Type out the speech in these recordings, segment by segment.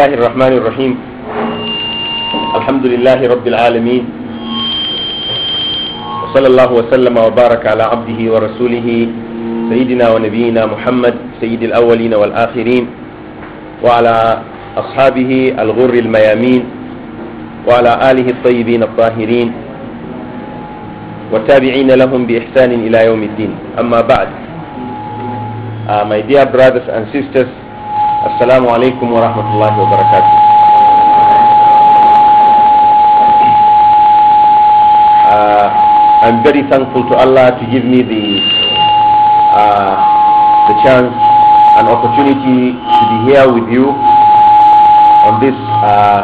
الله الرحمن الرحيم الحمد لله رب العالمين وصلى الله وسلم وبارك على عبده ورسوله سيدنا ونبينا محمد سيد الأولين والآخرين وعلى أصحابه الغر الميامين وعلى آله الطيبين الطاهرين وتابعين لهم بإحسان إلى يوم الدين أما بعد uh, My dear brothers and sisters السلام عليكم ورحمة الله وبركاته uh, I'm very thankful to Allah to give me the uh, the chance and opportunity to be here with you on this uh,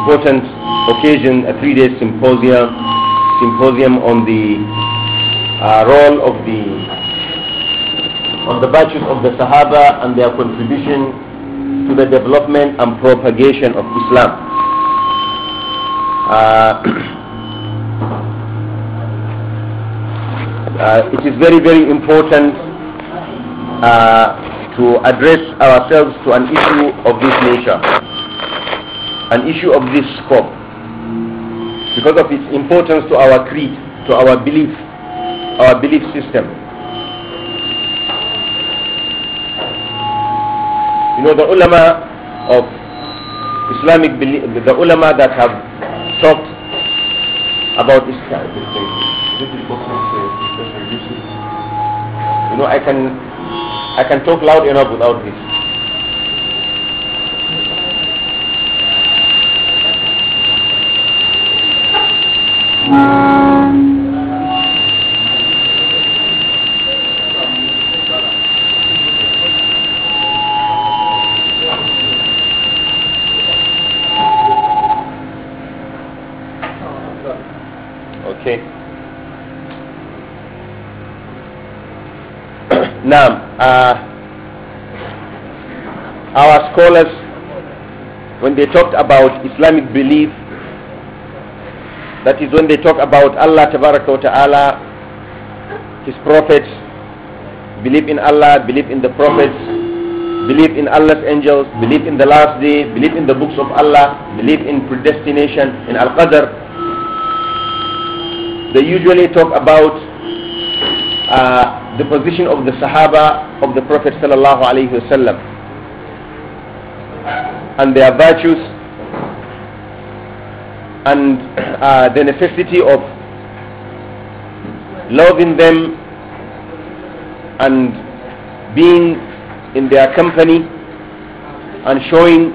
important occasion, a three-day symposium symposium on the uh, role of the on the virtues of the Sahaba and their contribution to the development and propagation of Islam. Uh, uh, it is very, very important uh, to address ourselves to an issue of this nature, an issue of this scope, because of its importance to our creed, to our belief, our belief system. You know, the ulama of Islamic belief, the ulama that have talked about this kind of thing. You know, I can, I can talk loud enough without this. Thank you. Nam. now, uh, our scholars, when they talked about Islamic belief, that is when they talk about Allah Ta'ala, His prophets, believe in Allah, believe in the prophets, believe in Allah's angels, believe in the last day, believe in the books of Allah, believe in predestination, in Al-Qadr, they usually talk about uh, the position of the Sahaba of the Prophet sallallahu alaihi wasallam and their virtues and uh, the necessity of loving them and being in their company and showing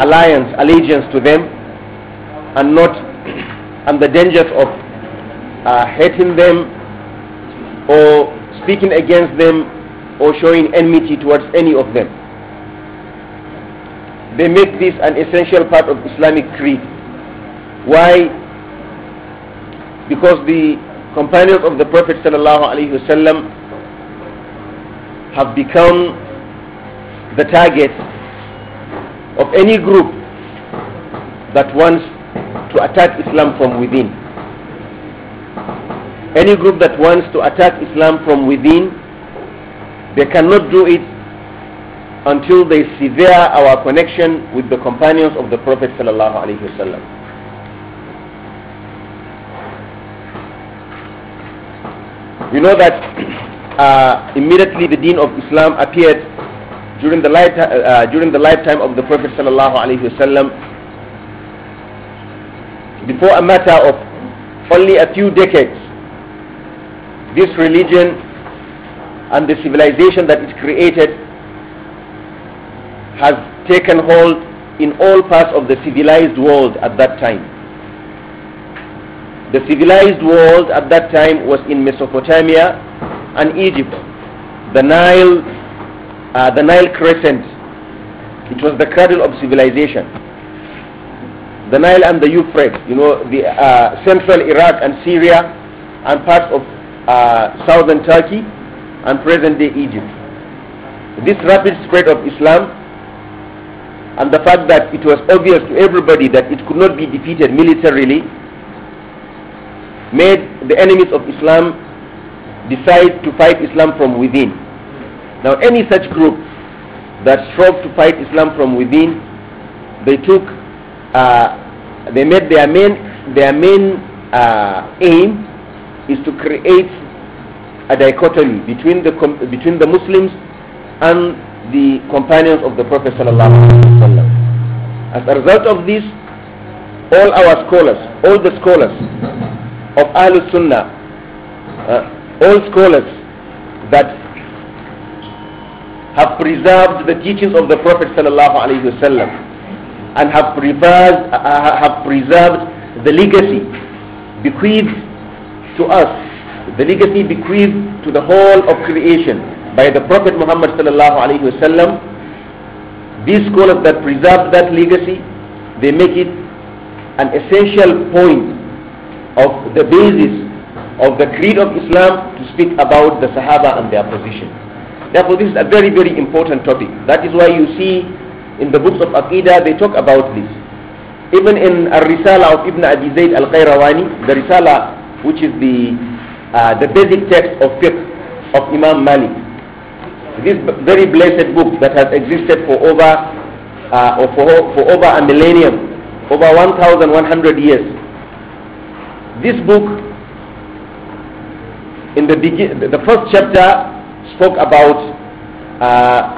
alliance allegiance to them and not and the dangers of hating uh, them or speaking against them or showing enmity towards any of them. They make this an essential part of Islamic creed. Why? Because the companions of the Prophet ﷺ have become the target of any group that wants to attack Islam from within. Any group that wants to attack Islam from within, they cannot do it until they sever our connection with the companions of the Prophet sallallahu alaihi wasallam. You know that uh, immediately the Deen of Islam appeared during the, light, uh, uh, during the lifetime of the Prophet sallallahu alaihi wasallam. Before a matter of only a few decades, this religion and the civilization that it created has taken hold in all parts of the civilized world at that time. The civilized world at that time was in Mesopotamia and Egypt. The Nile, uh, the Nile crescent, it was the cradle of civilization. The Nile and the Euphrates, you know, the uh, central Iraq and Syria and parts of uh, southern Turkey and present-day Egypt. This rapid spread of Islam and the fact that it was obvious to everybody that it could not be defeated militarily made the enemies of Islam decide to fight Islam from within. Now any such group that strove to fight Islam from within, they took, uh, they made their main, their main uh, aim is to create a dichotomy between the, between the Muslims and the companions of the Prophet As a result of this, all our scholars, all the scholars of Ahlul Sunnah, uh, all scholars that have preserved the teachings of the Prophet sallallahu and have preserved, uh, have preserved the legacy bequeathed to us the legacy bequeathed to the whole of creation by the Prophet Muhammad sallallahu alaihi wasallam. These scholars that preserve that legacy, they make it an essential point of the basis of the creed of Islam to speak about the Sahaba and their position. Therefore, this is a very, very important topic. That is why you see in the books of Aqidah they talk about this. Even in a risala of Ibn Abi Zayd al-Qayrawani, the risala which is the uh, the basic text of fiqh of Imam Malik. This very blessed book that has existed for over, uh, or for, for over a millennium, over 1,100 years. This book, in the, the first chapter, spoke about uh,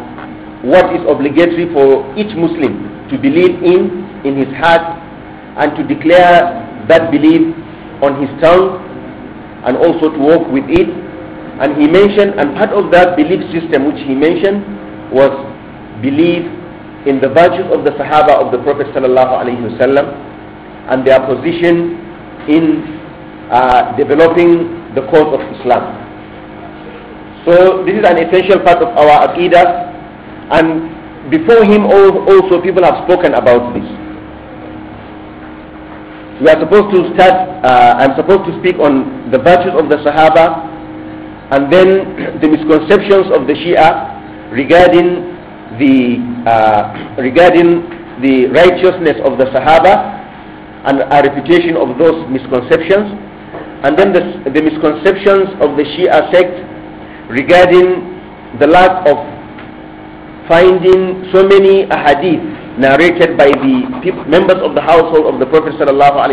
what is obligatory for each Muslim to believe in, in his heart, and to declare that belief on his tongue and also to work with it. And he mentioned, and part of that belief system which he mentioned was belief in the virtues of the Sahaba of the Prophet sallallahu alaihi wasallam and their position in uh, developing the cause of Islam. So this is an essential part of our aqidah, and before him also people have spoken about this we are supposed to start, uh, I'm supposed to speak on the virtues of the Sahaba and then the misconceptions of the Shia regarding the, uh, regarding the righteousness of the Sahaba and a refutation of those misconceptions and then the, the misconceptions of the Shia sect regarding the lack of finding so many hadith narrated by the members of the household of the Prophet sallallahu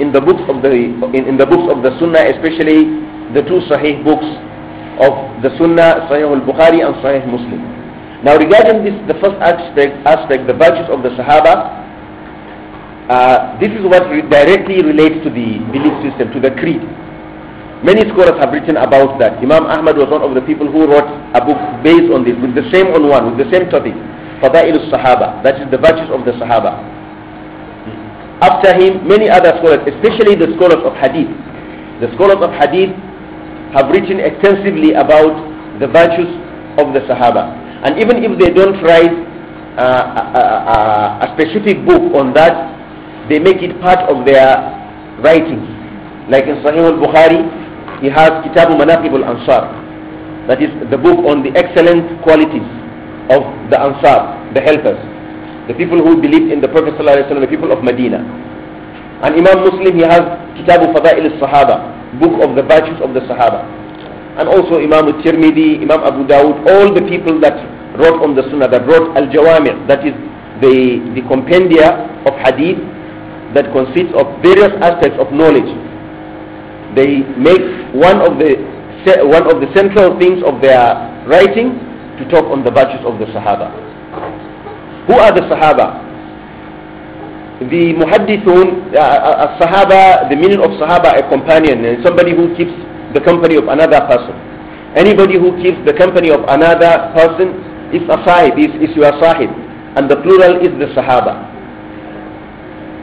in the books of the in, in, the books of the Sunnah, especially the two Sahih books of the Sunnah, Sahih al-Bukhari and Sahih Muslim. Now, regarding this, the first aspect, aspect the virtues of the Sahaba. Uh, this is what re directly relates to the belief system, to the creed. Many scholars have written about that. Imam Ahmad was one of the people who wrote a book based on this, with the same on one, with the same topic. Fada'il al-Sahaba, that is the virtues of the Sahaba. After him, many other scholars, especially the scholars of Hadith. The scholars of Hadith have written extensively about the virtues of the Sahaba. And even if they don't write uh, a, uh, a, uh, a specific book on that, they make it part of their writings. Like in Sahih al-Bukhari, he has Kitab al-Manaqib al-Ansar. That is the book on the excellent qualities of the Ansar, the helpers, the people who believed in the Prophet ﷺ, the people of Medina. And Imam Muslim, he has Kitabu Fadail al-Sahaba, book of the virtues of the Sahaba. And also Imam al-Tirmidhi, Imam Abu Dawud, all the people that wrote on the Sunnah, that wrote al-Jawami, that is the, the compendia of hadith that consists of various aspects of knowledge. They make one of the one of the central things of their writing to talk on the virtues of the Sahaba. Who are the Sahaba? The Muhaddithun, uh, uh, a Sahaba, the meaning of Sahaba, a companion, and somebody who keeps the company of another person. Anybody who keeps the company of another person is a sahib, is, is your sahib. And the plural is the Sahaba.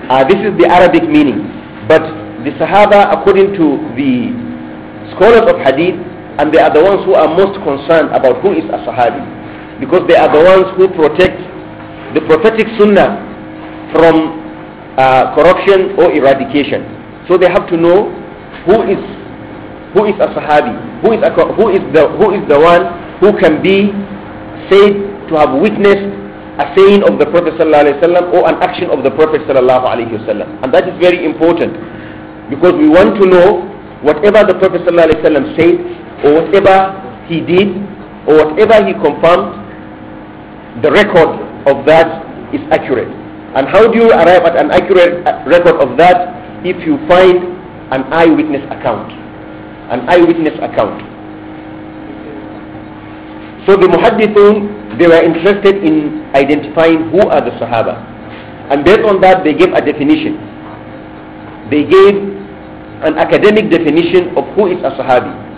Uh, this is the Arabic meaning. But the Sahaba, according to the scholars of Hadith, and they are the ones who are most concerned about who is a Sahabi because they are the ones who protect the prophetic sunnah from uh, corruption or eradication. So they have to know who is who is a Sahabi, who is a, who is the who is the one who can be said to have witnessed a saying of the Prophet ﷺ or an action of the Prophet ﷺ. and that is very important because we want to know whatever the Prophet ﷺ said or whatever he did or whatever he confirmed, the record of that is accurate. And how do you arrive at an accurate uh, record of that if you find an eyewitness account? An eyewitness account. So the muhaddithun, they were interested in identifying who are the Sahaba. And based on that, they gave a definition. They gave an academic definition of who is a Sahabi.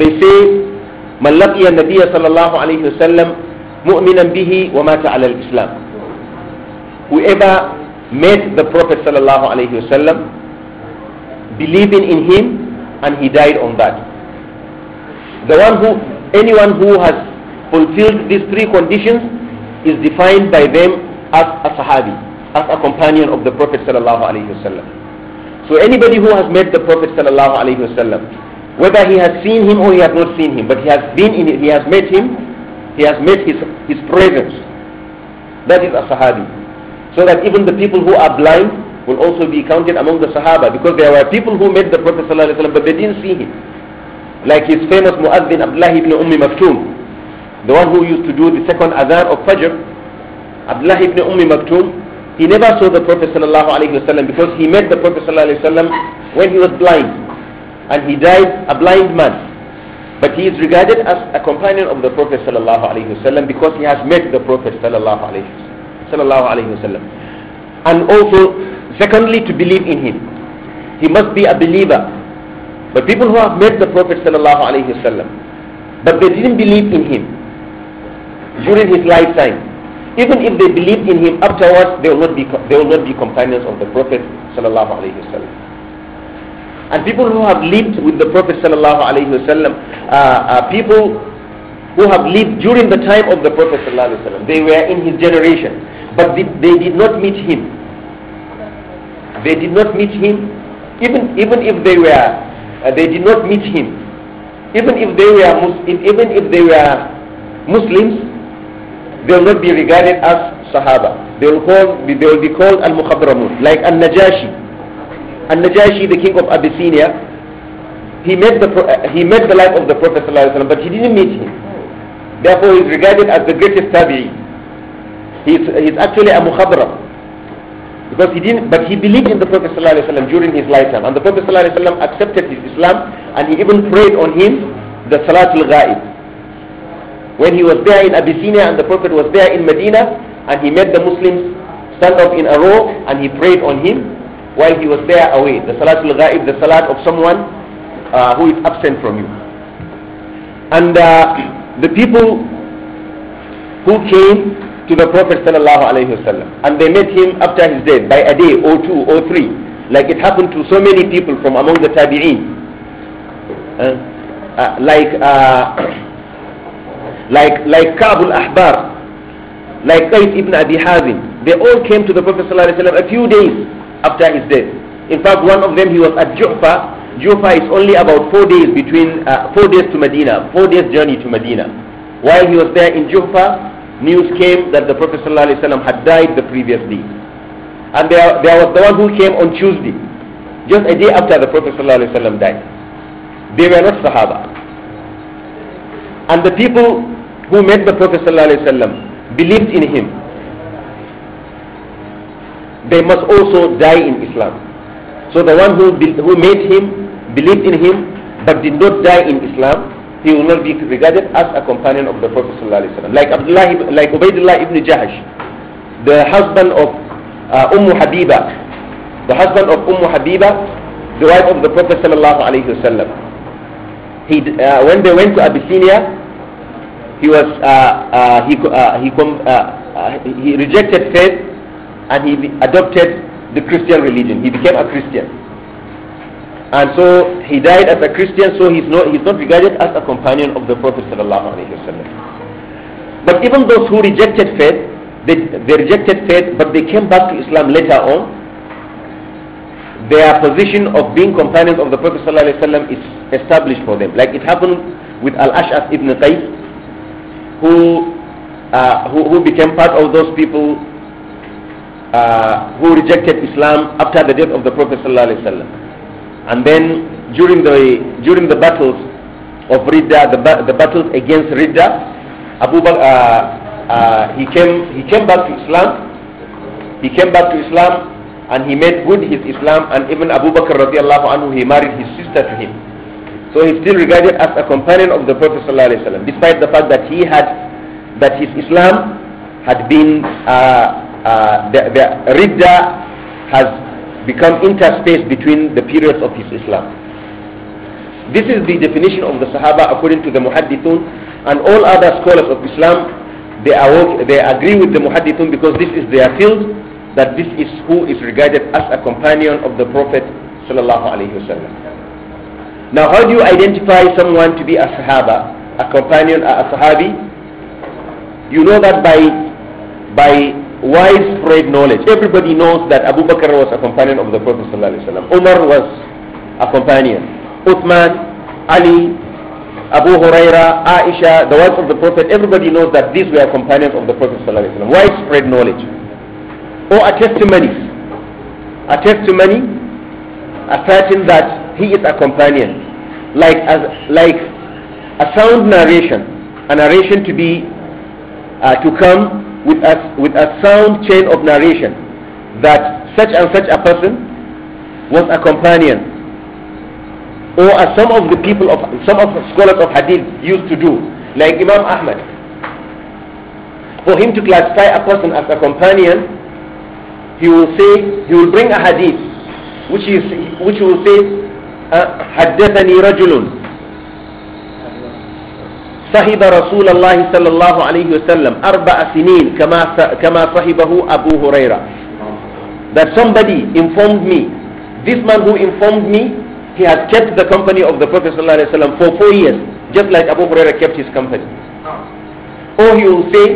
They say, من لقي alayhi wa الله عليه bihi wa به ومات على الإسلام. Whoever met the Prophet صلى alayhi wa وسلم believing in him and he died on that. The one who, anyone who has fulfilled these three conditions is defined by them as a Sahabi, as a companion of the Prophet sallallahu wa wasallam. So anybody who has met the Prophet sallallahu wa wasallam whether he has seen him or he has not seen him but he has been in he has met him he has met his his presence that is a sahabi so that even the people who are blind will also be counted among the sahaba because there were people who met the prophet sallallahu but they didn't see him like his famous muazzin abdullah ibn ummi maktoum the one who used to do the second adhan of fajr abdullah ibn ummi maktoum he never saw the prophet sallallahu because he met the prophet sallallahu when he was blind and he died a blind man. But he is regarded as a companion of the Prophet ﷺ because he has met the Prophet ﷺ. And also, secondly, to believe in him. He must be a believer. But people who have met the Prophet ﷺ, but they didn't believe in him during his lifetime, even if they believed in him afterwards, they will not be, they will not be companions of the Prophet sallallahu alaihi wasallam. And people who have lived with the Prophet sallallahu alaihi wasallam, uh, uh, people who have lived during the time of the Prophet sallallahu alaihi wasallam, they were in his generation, but they, they did not meet him. They did not meet him, even even if they were, uh, they did not meet him. Even if they were even if they were Muslims, they will not be regarded as Sahaba. They will, call, they will be called al-Mukhadramun, like al-Najashi. And najashi the king of Abyssinia, he met the, he met the life of the Prophet ﷺ, but he didn't meet him. Therefore, he is regarded as the greatest Tabi. He is, actually a mukhadram. Because he didn't, but he believed in the Prophet ﷺ during his lifetime. And the Prophet ﷺ accepted his Islam and he even prayed on him the Salatul Ghaib. When he was there in Abyssinia and the Prophet was there in Medina and he met the Muslims stand up in a row and he prayed on him, while he was there away. The Salatul Ghaib, the Salat of someone uh, who is absent from you. And uh, the people who came to the Prophet wasallam, and they met him after his death by a day or two or three, like it happened to so many people from among the Tabi'een. Uh, uh, like, uh, like, like Kabul Ahbar, like Qais ibn Abi Hazim, they all came to the Prophet ﷺ a few days after his death. In fact, one of them, he was at Ju'fa. Ju'fa is only about four days between, uh, four days to Medina, four days journey to Medina. While he was there in Ju'fa, news came that the Prophet ﷺ had died the previous day. And there, there was the one who came on Tuesday, just a day after the Prophet ﷺ died. They were not Sahaba. And the people who met the Prophet ﷺ believed in him they must also die in Islam. So the one who, who made him, believed in him, but did not die in Islam, he will not be regarded as a companion of the Prophet Like Abdullah, like Ubaidullah ibn Jahash, the husband of uh, Umm Habiba, the husband of Umm Habiba, the wife of the Prophet ﷺ. He, uh, when they went to Abyssinia, he was uh, uh, he uh, he, uh, uh, he rejected faith and he adopted the Christian religion. He became a Christian. And so he died as a Christian, so he's not, he's not regarded as a companion of the Prophet. But even those who rejected faith, they, they rejected faith, but they came back to Islam later on. Their position of being companions of the Prophet ﷺ is established for them. Like it happened with Al-Ash'ath ibn Qais, who, uh, who, who became part of those people uh, who rejected Islam after the death of the Prophet ﷺ. And then during the, during the battles of Ridda, the, the battles against Ridda, Abu Bakr, uh, uh, he, came, he came back to Islam. He came back to Islam and he made good his Islam and even Abu Bakr radiallahu anhu, he married his sister to him. So he's still regarded as a companion of the Prophet ﷺ, despite the fact that he had that his Islam had been uh, uh, the, the Ridda has become interspaced between the periods of his Islam. This is the definition of the Sahaba according to the Muhaddithun and all other scholars of Islam. They, are, they agree with the Muhaddithun because this is their field, that this is who is regarded as a companion of the Prophet Now how do you identify someone to be a Sahaba, a companion, a Sahabi? You know that by, by widespread knowledge. Everybody knows that Abu Bakr was a companion of the Prophet ﷺ. Umar was a companion. Uthman, Ali, Abu Huraira, Aisha, the wives of the Prophet, everybody knows that these were companions of the Prophet ﷺ. Widespread knowledge. Or a testimony. A testimony asserting that he is a companion. Like, as, like a sound narration. A narration to be, uh, to come with a, with a sound chain of narration that such and such a person was a companion or as some of the people of some of the scholars of hadith used to do like Imam Ahmad for him to classify a person as a companion he will say he will bring a hadith which is which will say حدثني ah, رجل صحب رسول الله صلى الله عليه وسلم أربع سنين كما كما صحبه أبو هريرة that somebody informed me this man who informed me he has kept the company of the Prophet صلى الله عليه وسلم for four years just like Abu Huraira kept his company or oh, he will say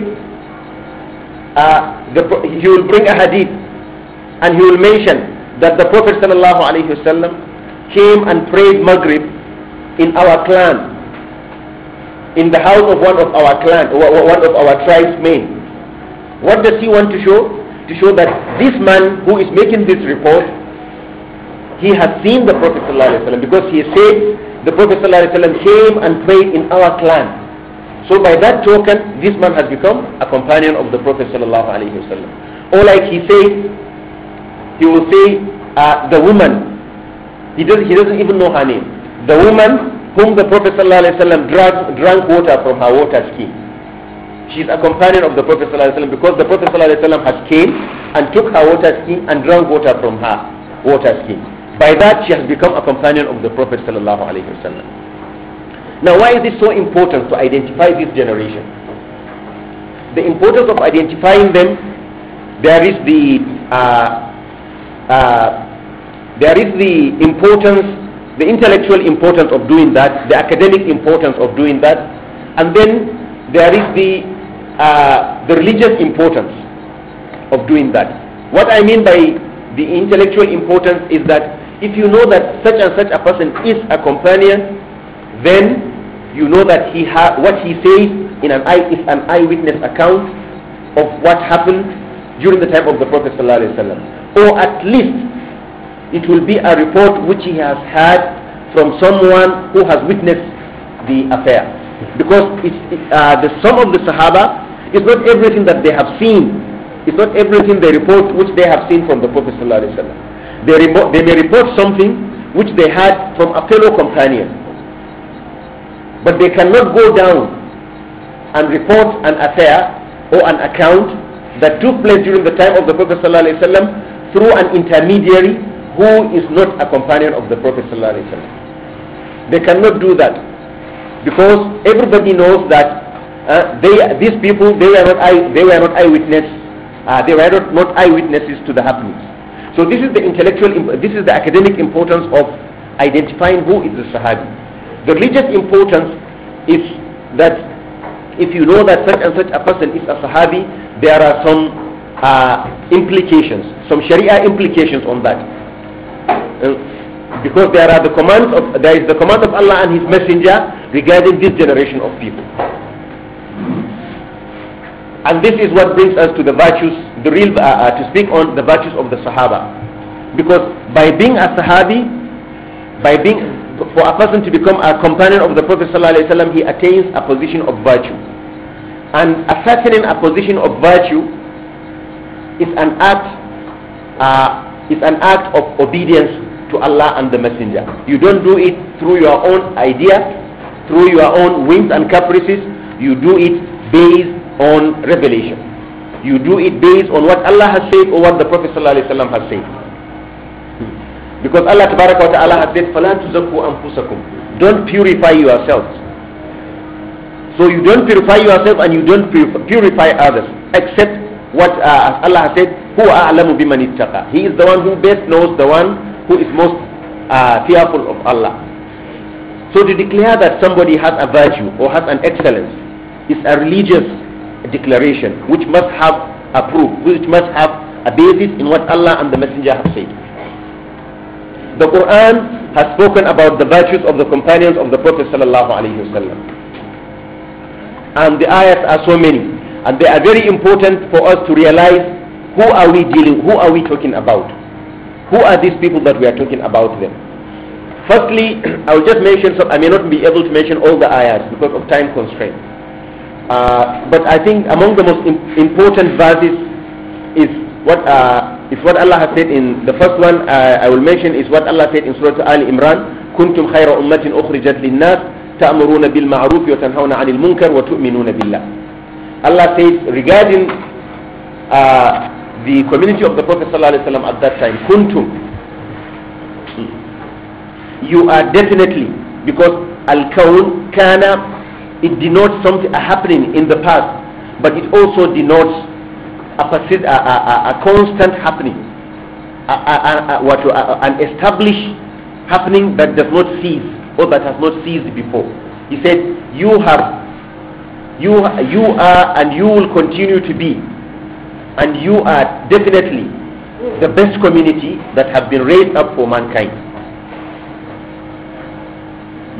uh, the, he will bring a hadith and he will mention that the Prophet sallallahu alaihi wasallam came and prayed Maghrib in our clan in the house of one of our clan, one of our tribesmen. What does he want to show? To show that this man who is making this report, he has seen the Prophet ﷺ because he said the Prophet ﷺ came and prayed in our clan. So by that token, this man has become a companion of the Prophet ﷺ. Or like he says, he will say, uh, the woman, he doesn't, he doesn't even know her name. The woman whom the Prophet ﷺ drank, drank water from her water skin. She is a companion of the Prophet ﷺ because the Prophet ﷺ has came and took her water skin and drank water from her water skin. By that she has become a companion of the Prophet ﷺ. Now why is it so important to identify this generation? The importance of identifying them, there is the, uh, uh, there is the importance the intellectual importance of doing that, the academic importance of doing that, and then there is the, uh, the religious importance of doing that. What I mean by the intellectual importance is that if you know that such and such a person is a companion, then you know that he ha- what he says in an eye is an eyewitness account of what happened during the time of the Prophet ﷺ. or at least it will be a report which he has had from someone who has witnessed the affair. Because it's, uh, the sum of the Sahaba is not everything that they have seen. It's not everything they report which they have seen from the Prophet ﷺ. They, they may report something which they had from a fellow companion. But they cannot go down and report an affair or an account that took place during the time of the Prophet ﷺ through an intermediary who is not a companion of the Prophet They cannot do that because everybody knows that uh, they, these people, they were not, eye, they were not eyewitness, uh, they were not, not eyewitnesses to the happenings. So this is the intellectual, this is the academic importance of identifying who is the Sahabi. The religious importance is that if you know that such and such a person is a Sahabi, there are some uh, implications, some Sharia implications on that. Uh, because there are the commands of there is the command of Allah and His Messenger regarding this generation of people. And this is what brings us to the virtues, the real uh, uh, to speak on the virtues of the Sahaba, because by being a Sahabi, by being for a person to become a companion of the Prophet ﷺ, he attains a position of virtue. And ascertaining a position of virtue is an act uh, is an act of obedience to Allah and the Messenger. You don't do it through your own ideas, through your own whims and caprices. You do it based on revelation. You do it based on what Allah has said or what the Prophet ﷺ has said. Because Allah Ta'ala has said, فَلَا تُزَكُوا أَنفُسَكُمْ Don't purify yourselves. So you don't purify yourself and you don't purify others. Except what uh, Allah has said, who a'lamu biman ittaqa. He is the one who best knows, the one who is most uh, fearful of Allah. So to declare that somebody has a virtue or has an excellence is a religious declaration which must have a proof, which must have a basis in what Allah and the Messenger have said. The Quran has spoken about the virtues of the companions of the Prophet sallallahu alaihi wasallam, and the ayat are so many, and they are very important for us to realize who are we dealing? Who are we talking about? Who are these people that we are talking about them? Firstly, I will just mention some. I may not be able to mention all the ayahs because of time constraint. Uh, but I think among the most important verses is what uh, is what Allah has said in the first one. Uh, I will mention is what Allah said in Surah Al Imran: "Kuntum khayra ummatin ukhrijat lin-nas." تأمرون بالمعروف وتنهون munkar wa وتؤمنون بالله Allah says regarding uh, the community of the Prophet ﷺ at that time, kuntum, you are definitely, because al-kawn, kana, it denotes something happening in the past, but it also denotes a, a, a, a, constant happening, a, an established happening that does not cease or that has not ceased before. He said, you have, you, you are and you will continue to be and you are definitely the best community that have been raised up for mankind.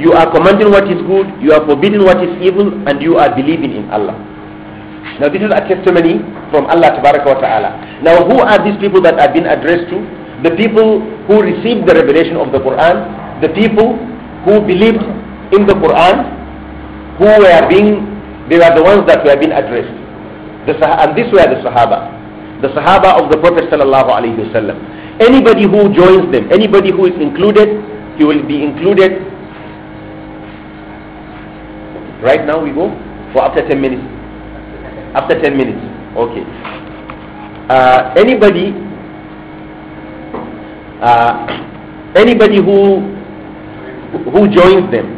You are commanding what is good, you are forbidding what is evil, and you are believing in Allah. Now this is a testimony from Allah Ta'ala. Now who are these people that have been addressed to? The people who received the revelation of the Quran, the people who believed in the Quran, who were being, they were the ones that were being addressed. The, and this were the Sahaba. The Sahaba of the Prophet sallallahu alaihi wasallam. Anybody who joins them, anybody who is included, he will be included. Right now we go for after 10 minutes. After 10 minutes. Okay. Uh, anybody uh, anybody who who joins them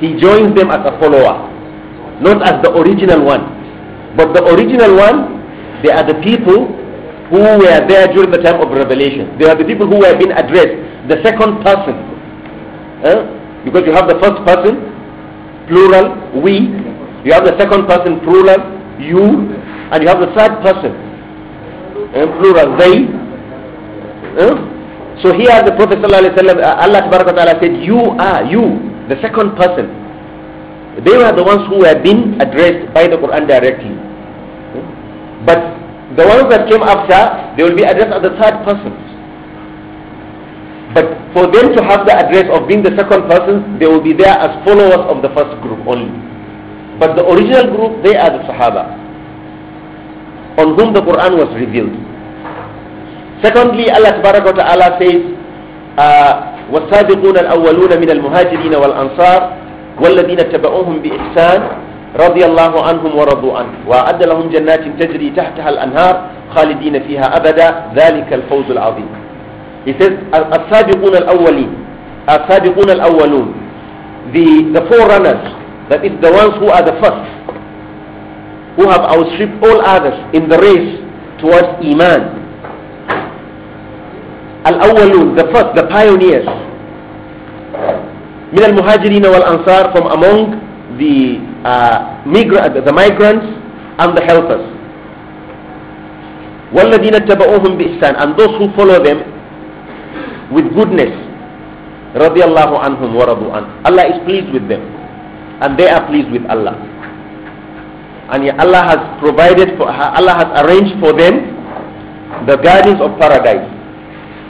he joins them as a follower not as the original one but the original one, they are the people who were there during the time of revelation. They are the people who were being addressed. The second person. Eh? Because you have the first person, plural, we. You have the second person, plural, you. And you have the third person, eh? plural, they. Eh? So here the Prophet uh, Allah Ta'ala said, you are, you, the second person. They were the ones who have been addressed by the Quran directly. But the ones that came after, they will be addressed as the third person. But for them to have the address of being the second person, they will be there as followers of the first group only. But the original group, they are the Sahaba, on whom the Quran was revealed. Secondly, Allah Ta'ala says, uh, الأولون من المهاجرين والأنصار والذين اتبعوهم بإحسان رضي الله عنهم ورضوا عنه وأعد لهم جنات تجري تحتها الأنهار خالدين فيها أبدا ذلك الفوز العظيم السابقون الأولين السابقون الأولون the, the forerunners that is the ones who are the first who have outstripped all others in the race towards Iman الأولون the first the pioneers من المهاجرين والأنصار from among the Uh, migra the migrants and the helpers. وَالَّذِينَ اتَّبَعُوهُمْ بِإِحْسَانٍ And those who follow them with goodness. رَضِيَ اللَّهُ عَنْهُمْ وَرَضُوا عَنْهُ Allah is pleased with them. And they are pleased with Allah. And Allah has provided for, Allah has arranged for them the gardens of paradise,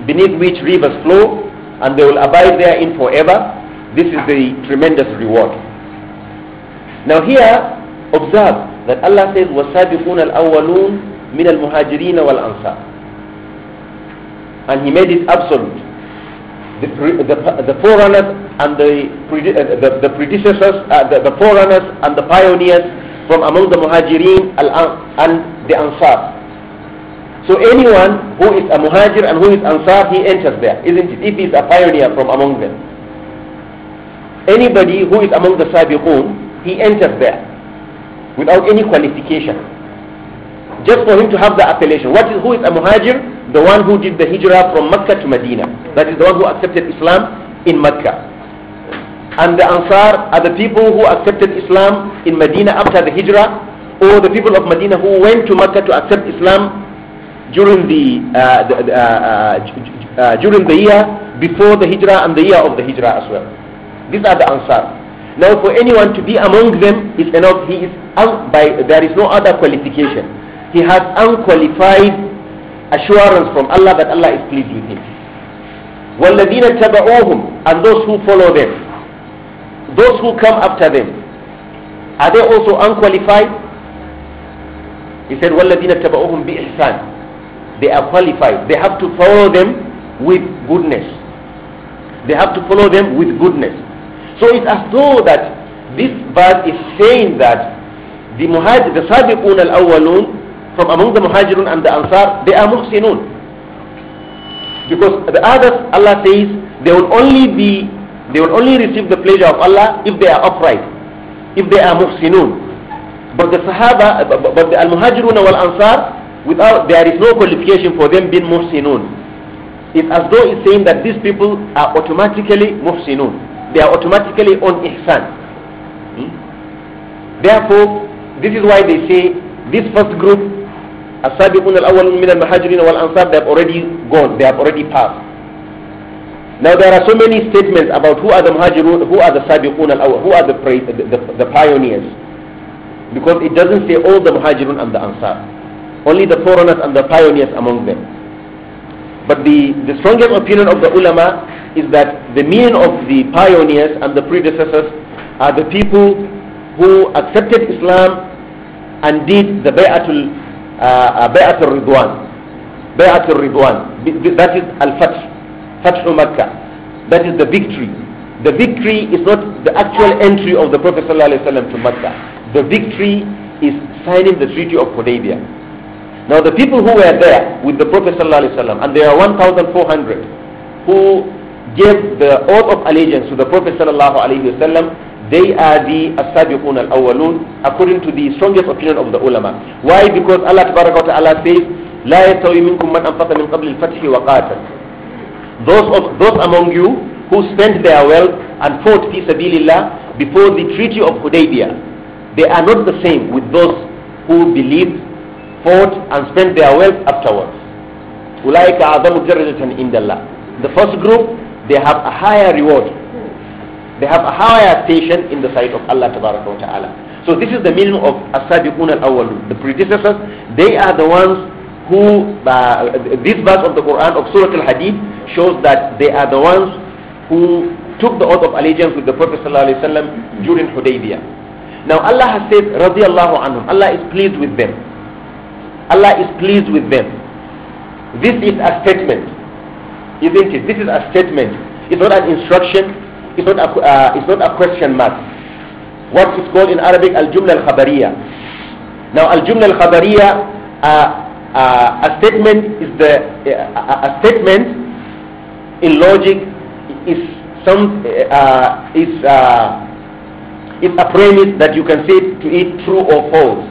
beneath which rivers flow, and they will abide therein forever. This is the tremendous reward. Now here, observe that Allah says, min الْأَوَّلُونَ مِنَ الْمُهَاجِرِينَ وَالْأَنصَارِ And he made it absolute. The, the, the forerunners and the, uh, the, the predecessors, uh, the, the forerunners and the pioneers from among the muhajirin and the ansar. So anyone who is a muhajir and who is ansar, he enters there, isn't it? If he is a pioneer from among them. Anybody who is among the sabiqun, he enters there without any qualification. Just for him to have the appellation. What is, who is a muhajir? The one who did the hijrah from Mecca to Medina. That is the one who accepted Islam in Mecca. And the Ansar are the people who accepted Islam in Medina after the hijrah or the people of Medina who went to Mecca to accept Islam during the, uh, the uh, uh, during the year before the hijrah and the year of the hijrah as well. These are the Ansar. Now for anyone to be among them is enough. He is un- by there is no other qualification. He has unqualified assurance from Allah that Allah is pleased with him. وَالَّذِينَ تَبَعُوهُمْ And those who follow them, those who come after them, are they also unqualified? He said, وَالَّذِينَ تَبَعُوهُمْ بِإِحْسَانٍ They are qualified. They have to follow them with goodness. They have to follow them with goodness. So it's as though that this verse is saying that the muhajir, the sabiqun al-awwalun, from among the muhajirun and the ansar, they are muhsinun. Because the others, Allah says, they will only be, they will only receive the pleasure of Allah if they are upright, if they are muhsinun. But the Sahaba, but the al-muhajirun wal-ansar, without, there is no qualification for them being muhsinun. It's as though it's saying that these people are automatically muhsinun they are automatically on ihsan. Hmm? Therefore, this is why they say this first group, asabi unal al min al-muhajirin wal-ansar, they have already gone, they have already passed. Now there are so many statements about who are the muhajirun, who are the sabiqun al-awwal, who are the, the, the, the pioneers. Because it doesn't say all the muhajirun and the ansar. Only the foreigners and the pioneers among them. But the, the strongest opinion of the ulama is that the meaning of the pioneers and the predecessors are the people who accepted Islam and did the Bay'atul uh, uh Bay'atul Ridwan. Bay'atul Ridwan. That is Al-Fatr, Fath Makkah. That is the victory. The victory is not the actual entry of the Prophet ﷺ to Makkah. The victory is signing the Treaty of Hudaybiyah. Now the people who were there with the Prophet ﷺ, and there are 1,400 who gave the oath of allegiance to the Prophet sallallahu alaihi wasallam, they are the as al-awwalun according to the strongest opinion of the ulama. Why? Because Allah Ta'ala says, لا يستوي منكم من أنفق من قبل الفتح وقاتل. Those of those among you who spent their wealth and fought fi sabilillah before the treaty of Hudaybiyah, they are not the same with those who believed, fought, and spent their wealth afterwards. أولئك أعظم درجة عند الله. The first group they have a higher reward. They have a higher station in the sight of Allah Ta'ala. So this is the meaning of As-Sadiqun al-Awwalun. The predecessors, they are the ones who, uh, this verse of the Quran of Surah Al-Hadid shows that they are the ones who took the oath of allegiance with the Prophet Sallallahu Alaihi Wasallam during Hudaybiyah. Now Allah has said, radiyallahu anhum, Allah is pleased with them. Allah is pleased with them. This is a statement. Isn't it? This is a statement. It's not an instruction. It's not a, uh, it's not a question mark. What is called in Arabic al-jumla al-khabariya. Now al-jumla al-khabariya, uh, uh, a statement is the uh, a, statement in logic is some uh, uh, is it's a premise that you can say to it true or false.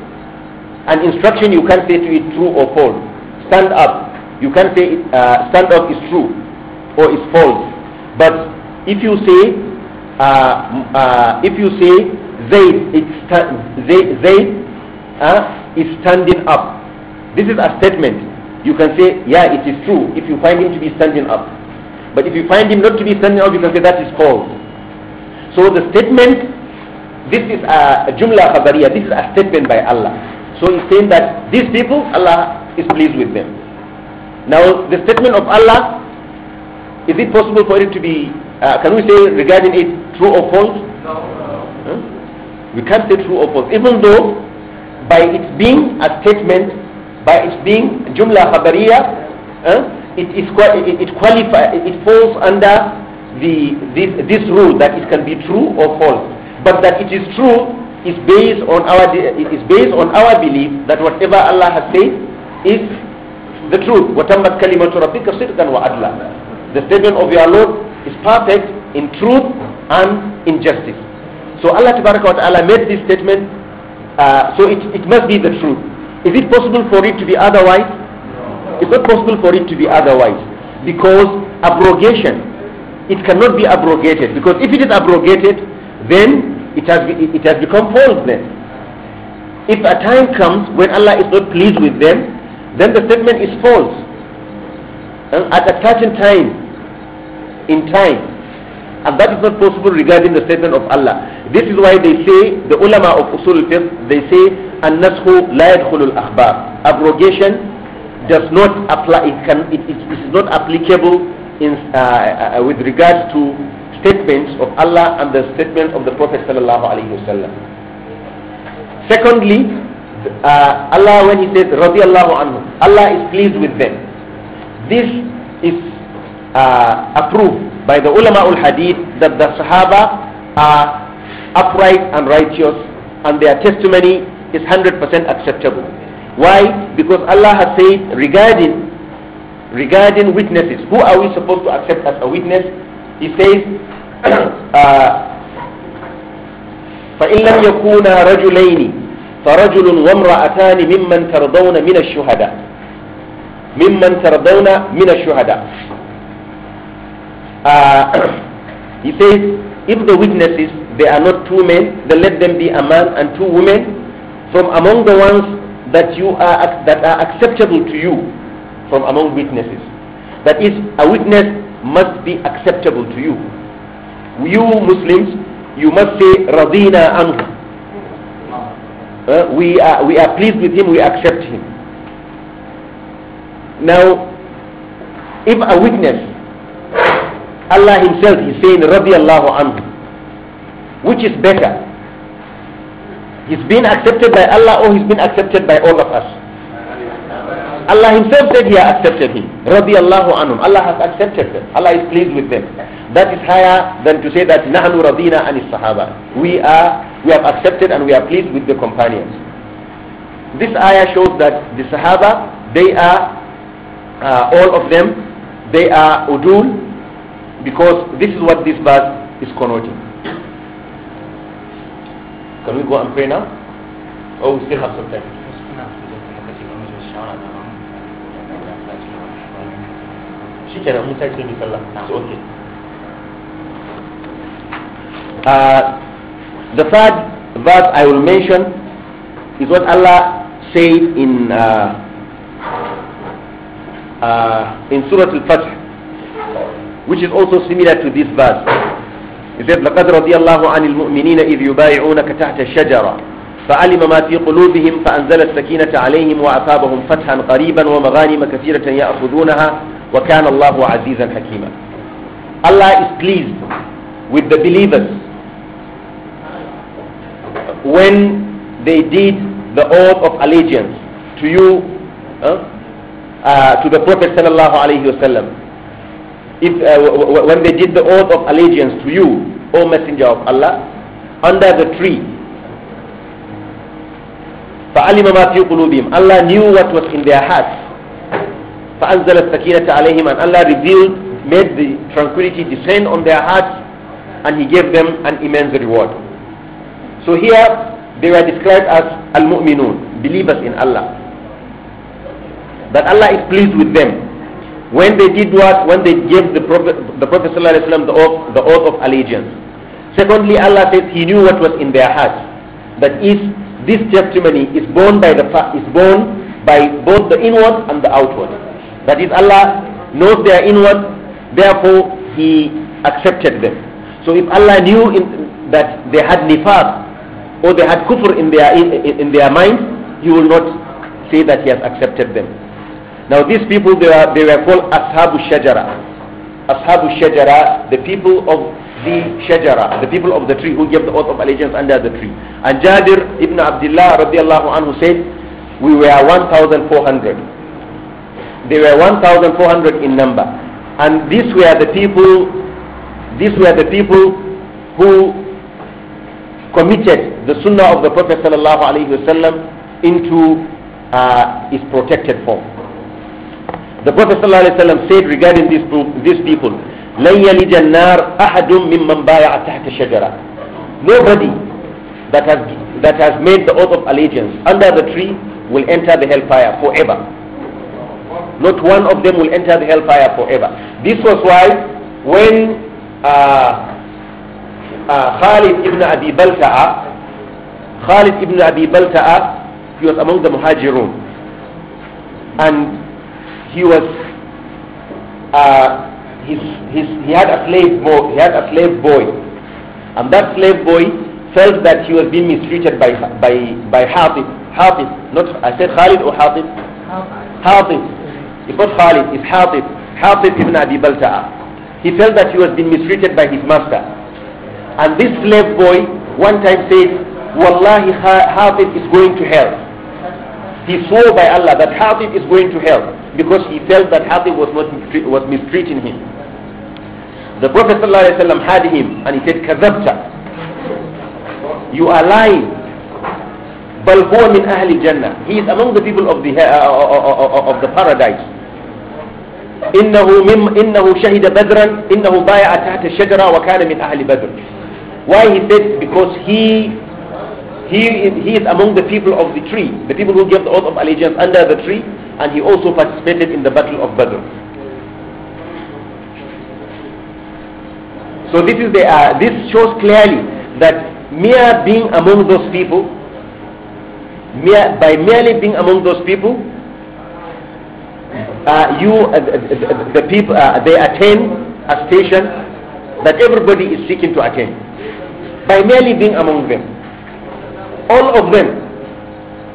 An instruction you can say to it true or false. Stand up. You can't say uh, stand up is true or is false. But if you say, uh, uh, if you say Zaid, it's Zaid, Zaid uh, is standing up. This is a statement. You can say, yeah, it is true if you find him to be standing up. But if you find him not to be standing up, you can say that is false. So the statement, this is a jumla khabariya, this is a statement by Allah. So he's saying that these people, Allah is pleased with them. Now, the statement of Allah, is it possible for it to be, uh, can we say regarding it true or false? No. Huh? We can't say true or false, even though by its being a statement, by its being jumla khabariya, it, is, it, it qualifies, it falls under the, this, this rule that it can be true or false. But that it is true is based on our, it is based on our belief that whatever Allah has said is the truth. وَتَمَّتْ كَلِمَةُ رَبِّكَ صِدْقًا وَعَدْلًا The statement of your Lord is perfect in truth and in justice. So Allah Ta'ala made this statement, uh, so it, it must be the truth. Is it possible for it to be otherwise? It's not possible for it to be otherwise. Because abrogation, it cannot be abrogated. Because if it is abrogated, then it has, it has become false then. If a time comes when Allah is not pleased with them, then the statement is false. And at a certain time, in time. And that is not possible regarding the statement of Allah. This is why they say, the ulama of usul al-fiqh, they say, النسخ لا يدخل الأخبار. Abrogation does not apply, it, can, it, it is not applicable in, uh, uh, with regards to statements of Allah and the statement of the Prophet sallallahu alaihi wasallam. Secondly, uh, Allah when he says radiyallahu anhu, Allah is pleased with them. This is uh, approved by the ulama ul hadith that the Sahaba are upright and righteous and their testimony is 100% acceptable. Why? Because Allah has said regarding regarding witnesses, who are we supposed to accept as a witness? He says, uh, فَإِن لَمْ يَكُونَا رَجُلَيْنِ فرجل وامرأتان ممن ترضون من الشهداء ممن ترضون من الشهداء uh, he says if the witnesses they are not two men then let them be a man and two women from among the ones that you are that are acceptable to you from among witnesses that is a witness must be acceptable to you you muslims you must say radina anhu uh, we, are, we are pleased with him, we accept him. Now, if a witness, Allah himself is saying, radiallahu anhu, which is better? He's been accepted by Allah or he's been accepted by all of us? Allah himself said he has accepted him. Radiallahu anhum. Allah has accepted them. Allah is pleased with them. That is higher than to say that nahnu radina anis sahaba. We are we have accepted and we are pleased with the companions. This ayah shows that the Sahaba, they are, uh, all of them, they are udul because this is what this verse is connoting. Can we go and pray now? Oh, we still have some time? shikenan mun sake ni sallah it's okay uh, The third verse I will mention is what Allah said in uh, uh, in Surah Al-Fatih, which is also similar to this verse. He said, لقد رضي الله عن المؤمنين إذ يبايعونك تحت الشجرة فعلم ما في قلوبهم فأنزل السكينة عليهم وَأَصَابَهُمْ فتحا قريبا ومغانم كثيرة يأخذونها وكان الله عزيزا حكيما Allah is pleased with the believers when they did the oath of allegiance to you, huh? uh, to the Prophet sallallahu alaihi wasallam. If uh, when they did the oath of allegiance to you, O Messenger of Allah, under the tree. فعلم ما في قلوبهم Allah knew what was in their hearts فأنزل السكينة عليهم and Allah revealed made the tranquility descend on their hearts and he gave them an immense reward so here they were described as al-mu'minun, believers in Allah. That Allah is pleased with them. When they did what? When they gave the Prophet, the Prophet ﷺ the oath, the oath of allegiance. Secondly, Allah says He knew what was in their hearts. That is, this testimony is borne by the is born by both the inward and the outward. That is, Allah knows their inward, therefore He accepted them. So if Allah knew in, that they had nifaq, or they had kufr in their, in, in their mind, you will not say that he has accepted them. Now these people, they were, they were called Ashabu Shajara. Ashabu Shajara, the people of the Shajara, the people of the tree who gave the oath of allegiance under the tree. And Jabir ibn Abdullah radiallahu anhu said, we were 1,400. They were 1,400 in number. And these were the people, these were the people who committed the sunnah of the Prophet ﷺ into uh, its protected form. The Prophet ﷺ said regarding these, these people, لن يلج النار أحد ممن بايع تحت شجرة. Nobody that has, that has made the oath of allegiance under the tree will enter the hellfire forever. Not one of them will enter the hellfire forever. This was why when uh, uh, Khalid ibn Abi Balta'a Khalid ibn Abi Balta'a, he was among the Muhajirun. And he was, uh, his, his, he had a slave boy, he had a slave boy. And that slave boy felt that he was being mistreated by, by, by Hafiz. Hafiz, not, I said Khalid or Hafiz? Hafiz. It's not Khalid, it's Hafiz. Hafiz ibn Abi Balta'a. He felt that he was being mistreated by his master. And this slave boy one time said, Wallahi, Hafiz is going to hell. He swore by Allah that Hafiz is going to hell because he felt that Hafiz was, not, was mistreating him. The Prophet ﷺ had him and he said, Kazabta. You are lying. بل هو من أهل الجنة. He is among the people of the, uh, uh, uh, uh of the paradise. إنه, مم إنه شهد بدرا إنه بايع تحت الشجرة وكان من أهل بدر. Why he said? Because he he is, he is among the people of the tree, the people who gave the oath of allegiance under the tree, and he also participated in the battle of Badr. So this is the uh, this shows clearly that mere being among those people, mere, by merely being among those people, uh, you uh, the, the, people uh, they attain a station that everybody is seeking to attain by merely being among them all of them.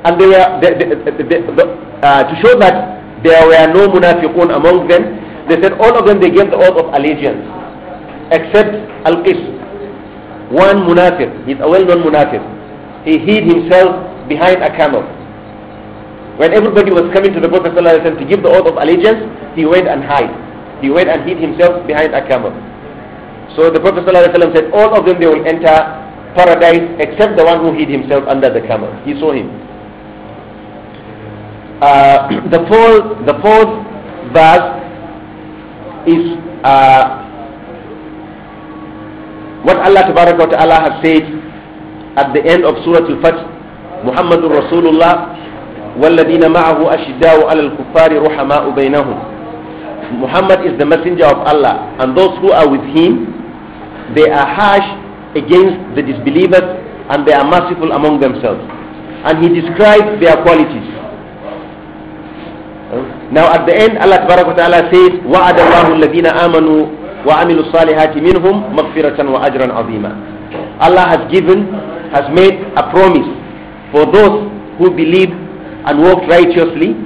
And they were, they, they, uh, to show that there were no munafiqun among them, they said all of them they gave the oath of allegiance, except Al-Qis, one munafiq, he's a well-known munafiq. He hid himself behind a camel. When everybody was coming to the Prophet ﷺ to give the oath of allegiance, he went and hid. He went and hid himself behind a camel. So the Prophet ﷺ said, all of them they will enter paradise except the one who hid himself under the camel. He saw him. Uh, the, fourth, the fourth verse is uh, what Allah wa ta'ala has said at the end of Surah Al-Fatih محمد رسول والذين معه أشداء على الكفار رحماء بينهم Muhammad is the messenger of Allah and those who are with him they are harsh against the disbelievers and they are merciful among themselves. And he describes their qualities. Now at the end Allah Ta'ala says, وَعَدَ اللَّهُ الَّذِينَ آمَنُوا وَعَمِلُوا الصَّالِحَاتِ مِنْهُمْ مَغْفِرَةً وَأَجْرًا عَظِيمًا Allah has given, has made a promise for those who believe and work righteously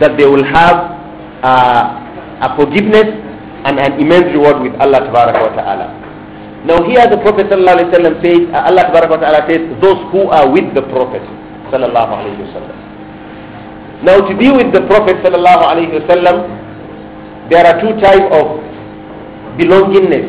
that they will have uh, a forgiveness and an immense reward with Allah Ta'ala. Now here the Prophet says, uh, Allah says, those who are with the Prophet Now to be with the Prophet sallallahu there are two types of belongingness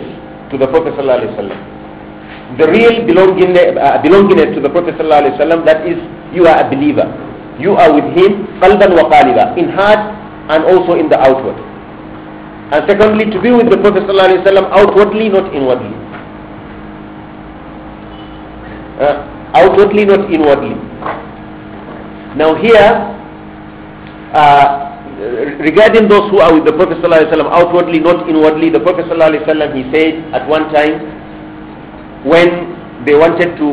to the Prophet The real belongingness, uh, belongingness to the Prophet sallallahu that is, you are a believer. You are with him, qalban wa qaliba, in heart and also in the outward. And secondly, to be with the Prophet ﷺ outwardly, not inwardly uh, outwardly, not inwardly. Now here, uh, regarding those who are with the Prophet ﷺ outwardly, not inwardly, the Prophet ﷺ, he said at one time when they wanted to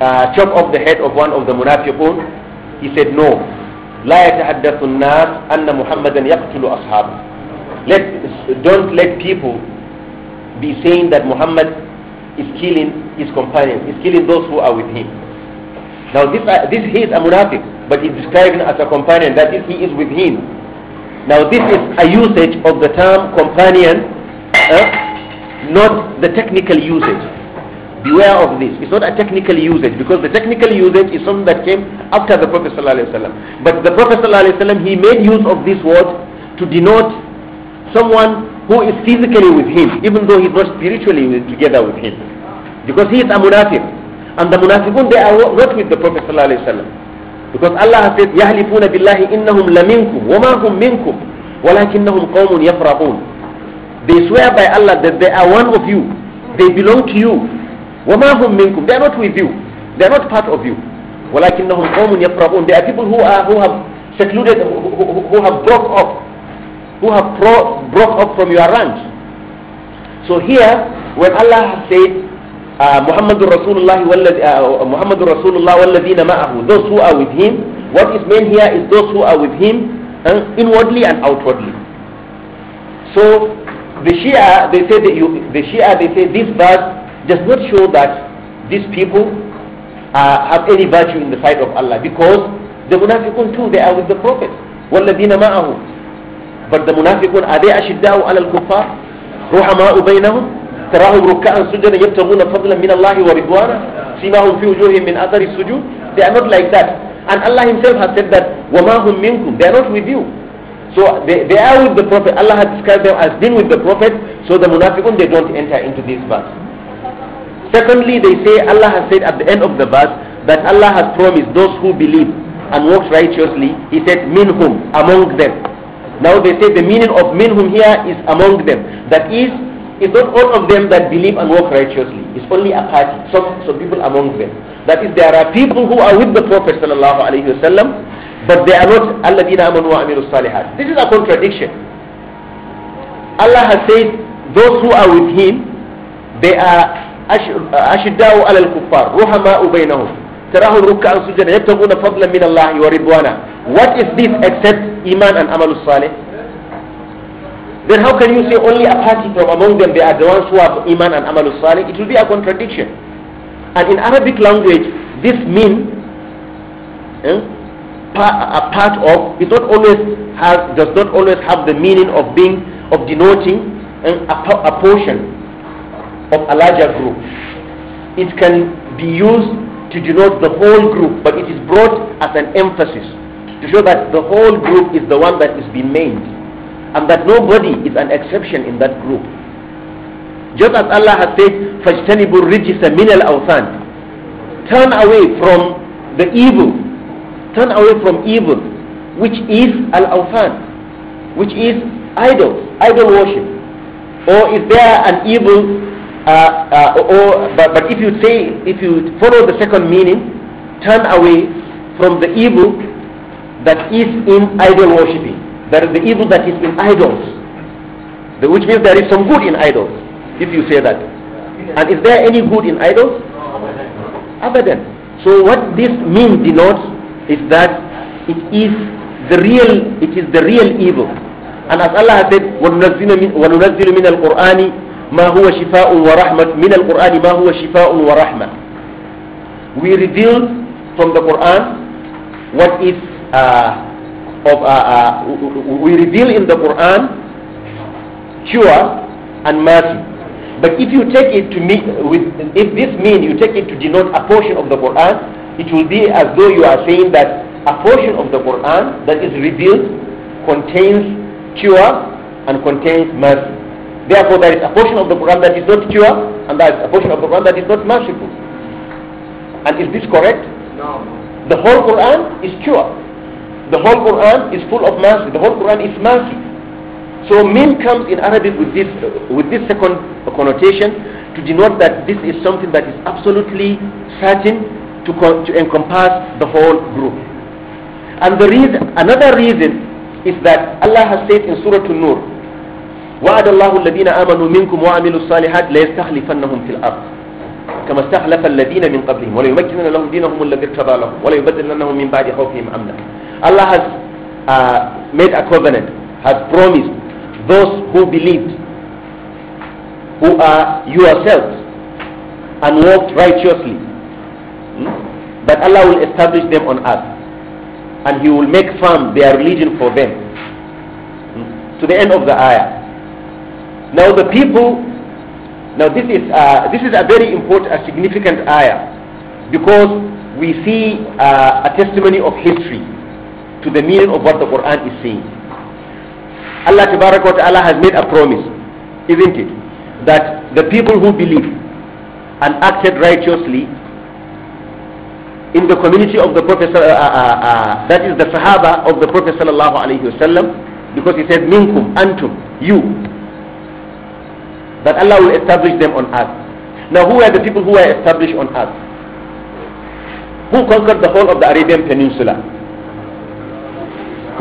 uh, chop off the head of one of the munafiqun, he said no. لا يتحدث الناس أن محمدا يقتل أصحابه. Let, don't let people be saying that Muhammad is killing his companions, is killing those who are with him. Now this, uh, this he is a munafiq, but he's describing as a companion, that is, he is with him. Now this is a usage of the term companion, uh, not the technical usage. Beware of this. It's not a technical usage because the technical usage is something that came after the Prophet ﷺ. But the Prophet ﷺ, he made use of this word to denote someone who is physically with him, even though he's not spiritually with, together with him. Because he is a munafiq. And the munafiqun, they are not with the Prophet ﷺ. Because Allah said, يَحْلِفُونَ بِاللَّهِ إِنَّهُمْ لَمِنْكُمْ وَمَا هُمْ مِنْكُمْ وَلَكِنَّهُمْ قَوْمٌ يَفْرَقُونَ They swear by Allah that they are one of you. They belong to you. وَمَا هُمْ مِنْكُمْ They are not with you. They are not part of you. وَلَكِنَّهُمْ قَوْمٌ يَفْرَقُونَ They are people who, are, who have secluded, who, who, who have broke off who have pro- broke up from your ranks. So here, when Allah has said, uh, Muhammadur Rasulullah uh, Muhammadur Rasulullah walladina ma'ahu, those who are with him, what is meant here is those who are with him uh, inwardly and outwardly. So the Shia, they say that you, the Shia, they say this verse does not show that these people uh, have any virtue in the sight of Allah because the munafiqun too, they are with the Prophet. وَالَّذِينَ مَعَهُ but the munafiqun, are they ashidda'u ala al-kuffar? Ruhama'u baynahum? تراهم ركعا سجدا يبتغون فضلا من الله they are not like that and Allah himself has said that وما هم they are not with you so they, they are with the prophet Allah has described them as being with the prophet so the munafiqun they don't enter into this verse secondly they say Allah has said at the end of the verse that Allah has promised those who believe and walk righteously he said minhum among them now they say the meaning of minhum here is among them. That is, it's not all of them that believe and walk righteously. It's only a party, some, some people among them. That is, there are people who are with the Prophet sallallahu alaihi wasallam, but they are not alladina amanu wa amilu salihat. This is a contradiction. Allah has said, those who are with him, they are أشداء al الكفار رحماء بينهم تراهم ركعا سجدا يبتغون فضلا من الله ورضوانا What is this except Iman and Amalus Then how can you say only a party from among them, they are the ones who have Iman and Amalus It will be a contradiction. And in Arabic language, this means eh, a part of, it not always has, does not always have the meaning of being, of denoting eh, a, a portion of a larger group. It can be used to denote the whole group, but it is brought as an emphasis to show that the whole group is the one that is being and that nobody is an exception in that group. Just as Allah has said, فَاجْتَنِبُوا الرِّجِسَ مِنَ الْأَوْثَانِ Turn away from the evil. Turn away from evil, which is al-awthan, which is idols, idol worship. Or is there an evil, uh, uh, or, but, but if you say, if you follow the second meaning, turn away from the evil that is in idol worshipping. There is the evil that is in idols. The, which means there is some good in idols, if you say that. And is there any good in idols? than So what this means denotes is that it is the real, it is the real evil. And as Allah has said, وَنُنَزِّلُ مِنَ الْقُرْآنِ مَا هُوَ شِفَاءٌ وَرَحْمَةٌ مِنَ الْقُرْآنِ مَا هُوَ شِفَاءٌ وَرَحْمَةٌ We reveal from the Qur'an what is uh, of, uh, uh, we reveal in the Quran cure and mercy. But if you take it to mean, with, if this mean you take it to denote a portion of the Quran, it will be as though you are saying that a portion of the Quran that is revealed contains cure and contains mercy. Therefore, there is a portion of the Quran that is not cure and there is a portion of the Quran that is not merciful. And is this correct? No. The whole Quran is cure. The whole Quran is full of mercy. The whole Quran is mercy. So min comes in Arabic with this, uh, with this second connotation to denote that this is something that is absolutely certain to, to encompass the whole group. And the reason, another reason is that Allah has said in Surah An-Nur, وعد الله الذين آمنوا منكم وعملوا الصالحات ليستخلفنهم في الأرض كما استخلف الذين من قبلهم وليمكنن لهم دينهم الذي ارتضى لهم وليبدلنهم من بعد خوفهم أمنا Allah has uh, made a covenant, has promised those who believed, who are yourselves, and walked righteously, hmm? that Allah will establish them on earth, and He will make firm their religion for them. Hmm? To the end of the ayah. Now the people, now this is uh, this is a very important, a significant ayah, because we see uh, a testimony of history to the meaning of what the Quran is saying. Allah wa ta'ala has made a promise, isn't it? That the people who believe and acted righteously in the community of the Prophet, uh, uh, uh, that is the Sahaba of the Prophet sallallahu alaihi wasallam, because he said, "Minkum antum, you." That Allah will establish them on earth. Now, who are the people who are established on earth? Who conquered the whole of the Arabian Peninsula?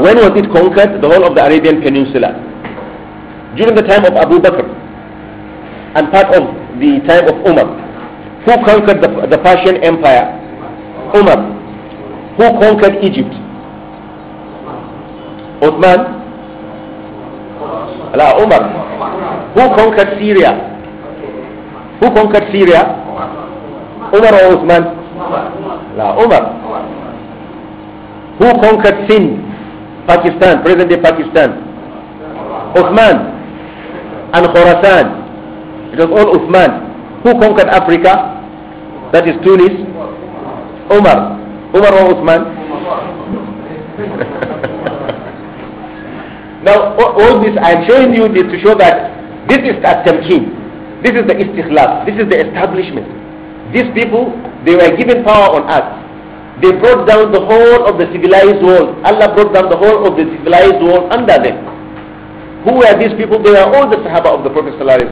When was it conquered? The whole of the Arabian Peninsula. During the time of Abu Bakr and part of the time of Umar. Who conquered the, the Persian Empire? Umar. Who conquered Egypt? Uthman? La Umar. Who conquered Syria? Who conquered Syria? Umar or Uthman? La Umar. Who conquered Sin? Pakistan, present day Pakistan. Uthman and Khorasan. It was all Uthman. Who conquered Africa? That is Tunis. Umar. Umar or Uthman? now, all this I'm showing you this to show that this is at-tamkin. This is the istikhlaf. This is the establishment. These people, they were given power on earth. They brought down the whole of the civilized world. Allah brought down the whole of the civilized world under them. Who were these people? They were all the Sahaba of the Prophet